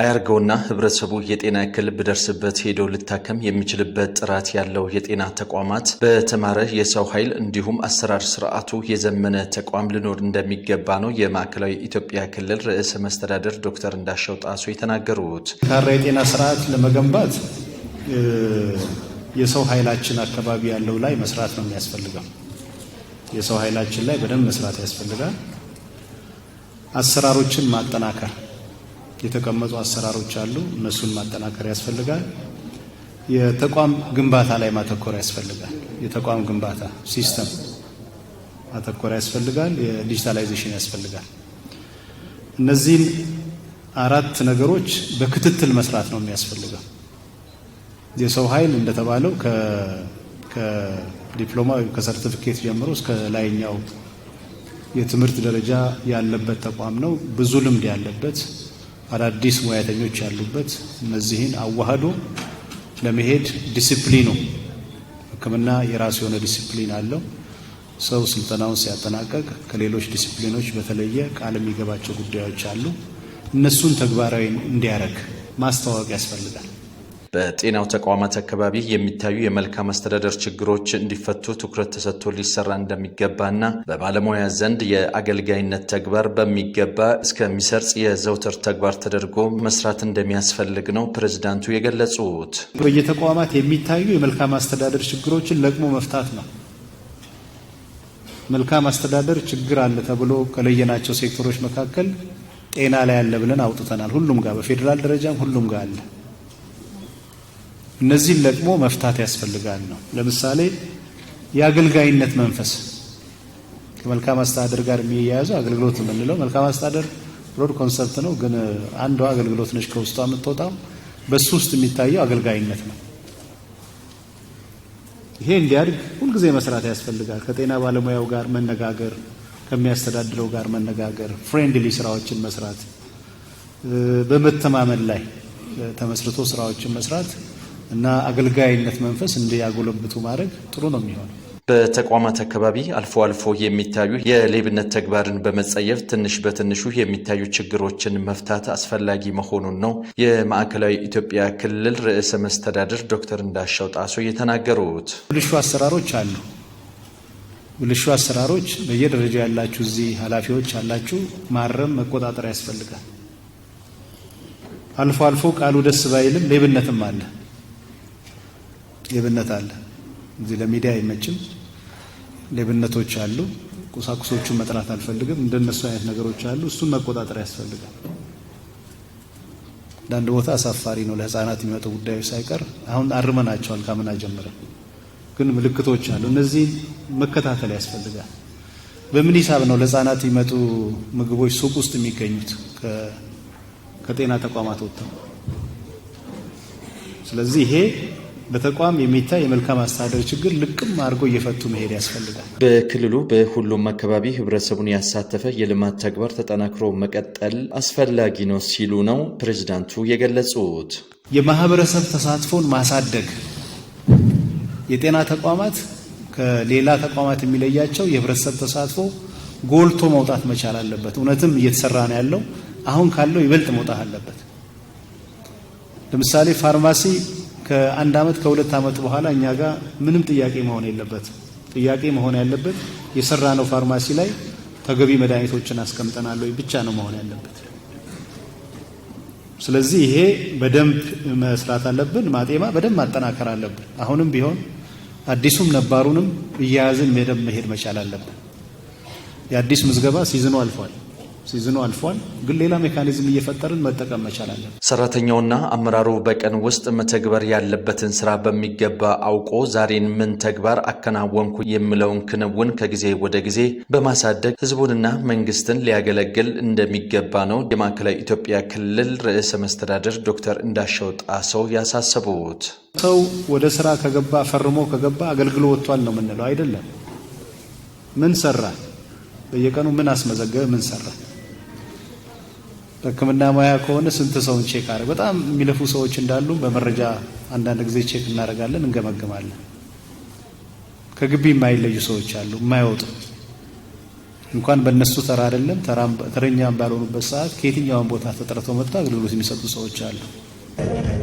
አያርገውና ህብረተሰቡ የጤና እክል ብደርስበት ሄዶ ልታከም የሚችልበት ጥራት ያለው የጤና ተቋማት በተማረ የሰው ኃይል እንዲሁም አሰራር ስርዓቱ የዘመነ ተቋም ሊኖር እንደሚገባ ነው የማዕከላዊ ኢትዮጵያ ክልል ርዕሰ መስተዳደር ዶክተር እንዳሻው ጣሶ የተናገሩት። ካራ የጤና ስርዓት ለመገንባት የሰው ኃይላችን አካባቢ ያለው ላይ መስራት ነው የሚያስፈልገው። የሰው ኃይላችን ላይ በደንብ መስራት ያስፈልጋል። አሰራሮችን ማጠናከር የተቀመጡ አሰራሮች አሉ። እነሱን ማጠናከር ያስፈልጋል። የተቋም ግንባታ ላይ ማተኮር ያስፈልጋል። የተቋም ግንባታ ሲስተም ማተኮር ያስፈልጋል። የዲጂታላይዜሽን ያስፈልጋል። እነዚህን አራት ነገሮች በክትትል መስራት ነው የሚያስፈልገው። የሰው ኃይል እንደተባለው ከዲፕሎማ ወይም ከሰርቲፊኬት ጀምሮ እስከ ላይኛው የትምህርት ደረጃ ያለበት ተቋም ነው። ብዙ ልምድ ያለበት አዳዲስ ሙያተኞች ያሉበት እነዚህን አዋህዶ ለመሄድ ዲሲፕሊኑ ሕክምና የራሱ የሆነ ዲሲፕሊን አለው። ሰው ስልጠናውን ሲያጠናቀቅ ከሌሎች ዲሲፕሊኖች በተለየ ቃል የሚገባቸው ጉዳዮች አሉ። እነሱን ተግባራዊ እንዲያደርግ ማስተዋወቅ ያስፈልጋል። በጤናው ተቋማት አካባቢ የሚታዩ የመልካም አስተዳደር ችግሮች እንዲፈቱ ትኩረት ተሰጥቶ ሊሰራ እንደሚገባና በባለሙያ ዘንድ የአገልጋይነት ተግባር በሚገባ እስከሚሰርጽ የዘውትር ተግባር ተደርጎ መስራት እንደሚያስፈልግ ነው ፕሬዝዳንቱ የገለጹት። በየተቋማት የሚታዩ የመልካም አስተዳደር ችግሮችን ለቅሞ መፍታት ነው። መልካም አስተዳደር ችግር አለ ተብሎ ከለየናቸው ሴክተሮች መካከል ጤና ላይ አለ ብለን አውጥተናል። ሁሉም ጋር በፌዴራል ደረጃም ሁሉም ጋር አለ። እነዚህን ለቅሞ መፍታት ያስፈልጋል ነው። ለምሳሌ የአገልጋይነት መንፈስ ከመልካም አስተዳደር ጋር የሚያያዙ አገልግሎት የምንለው መልካም አስተዳደር ብሮድ ኮንሰፕት ነው፣ ግን አንዷ አገልግሎት ነች ከውስጧ የምትወጣው። በሱ ውስጥ የሚታየው አገልጋይነት ነው። ይሄ እንዲያድግ ሁልጊዜ መስራት ያስፈልጋል። ከጤና ባለሙያው ጋር መነጋገር፣ ከሚያስተዳድረው ጋር መነጋገር፣ ፍሬንድሊ ስራዎችን መስራት፣ በመተማመን ላይ ተመስርቶ ስራዎችን መስራት እና አገልጋይነት መንፈስ እንዲያጎለብቱ ማድረግ ጥሩ ነው የሚሆነው። በተቋማት አካባቢ አልፎ አልፎ የሚታዩ የሌብነት ተግባርን በመጸየፍ ትንሽ በትንሹ የሚታዩ ችግሮችን መፍታት አስፈላጊ መሆኑን ነው የማዕከላዊ ኢትዮጵያ ክልል ርዕሰ መስተዳድር ዶክተር እንዳሻው ጣሶ የተናገሩት። ብልሹ አሰራሮች አሉ። ብልሹ አሰራሮች በየደረጃ ያላችሁ እዚህ ኃላፊዎች አላችሁ ማረም፣ መቆጣጠር ያስፈልጋል። አልፎ አልፎ ቃሉ ደስ ባይልም ሌብነትም አለ። ሌብነት አለ። እዚህ ለሚዲያ አይመችም። ሌብነቶች አሉ። ቁሳቁሶቹን መጥራት አልፈልግም። እንደነሱ አይነት ነገሮች አሉ። እሱን መቆጣጠር ያስፈልጋል። አንዳንድ ቦታ አሳፋሪ ነው። ለህፃናት የሚመጡ ጉዳዮች ሳይቀር አሁን አርመናቸዋል። ካምና ጀምረን ግን ምልክቶች አሉ። እነዚህ መከታተል ያስፈልጋል። በምን ሂሳብ ነው ለህፃናት የሚመጡ ምግቦች ሱቅ ውስጥ የሚገኙት ከጤና ተቋማት ወጥተው? ስለዚህ ይሄ በተቋም የሚታይ የመልካም አስተዳደር ችግር ልቅም አድርጎ እየፈቱ መሄድ ያስፈልጋል። በክልሉ በሁሉም አካባቢ ህብረተሰቡን ያሳተፈ የልማት ተግባር ተጠናክሮ መቀጠል አስፈላጊ ነው ሲሉ ነው ፕሬዚዳንቱ የገለጹት። የማህበረሰብ ተሳትፎን ማሳደግ የጤና ተቋማት ከሌላ ተቋማት የሚለያቸው የህብረተሰብ ተሳትፎ ጎልቶ መውጣት መቻል አለበት። እውነትም እየተሰራ ነው ያለው። አሁን ካለው ይበልጥ መውጣት አለበት። ለምሳሌ ፋርማሲ ከአንድ ዓመት ከሁለት ዓመት በኋላ እኛ ጋር ምንም ጥያቄ መሆን የለበት። ጥያቄ መሆን ያለበት የሰራ ነው ፋርማሲ ላይ ተገቢ መድኃኒቶችን አስቀምጠናል ወይ ብቻ ነው መሆን ያለበት። ስለዚህ ይሄ በደንብ መስራት አለብን። ማጤማ በደንብ ማጠናከር አለብን። አሁንም ቢሆን አዲሱም ነባሩንም እያያዝን በደንብ መሄድ መቻል አለብን። የአዲስ ምዝገባ ሲዝኑ አልፏል። ሲዝኑ አልፏል፣ ግን ሌላ ሜካኒዝም እየፈጠርን መጠቀም መቻላለን። ሰራተኛውና አመራሩ በቀን ውስጥ መተግበር ያለበትን ስራ በሚገባ አውቆ ዛሬን ምን ተግባር አከናወንኩ የሚለውን ክንውን ከጊዜ ወደ ጊዜ በማሳደግ ህዝቡንና መንግስትን ሊያገለግል እንደሚገባ ነው የማዕከላዊ ኢትዮጵያ ክልል ርዕሰ መስተዳደር ዶክተር እንዳሸው ጣሰው ያሳሰቡት። ሰው ወደ ስራ ከገባ ፈርሞ ከገባ አገልግሎ ወጥቷል ነው የምንለው አይደለም። ምን ሰራ? በየቀኑ ምን አስመዘገበ? ምን ሰራ? ህክምና ሙያ ከሆነ ስንት ሰውን ቼክ አድርግ። በጣም የሚለፉ ሰዎች እንዳሉ በመረጃ አንዳንድ ጊዜ ቼክ እናደርጋለን፣ እንገመግማለን። ከግቢ የማይለዩ ሰዎች አሉ፣ የማይወጡ እንኳን በእነሱ ተራ አይደለም ተረኛም ባልሆኑበት ሰዓት ከየትኛውን ቦታ ተጠርተው መጥተው አገልግሎት የሚሰጡ ሰዎች አሉ።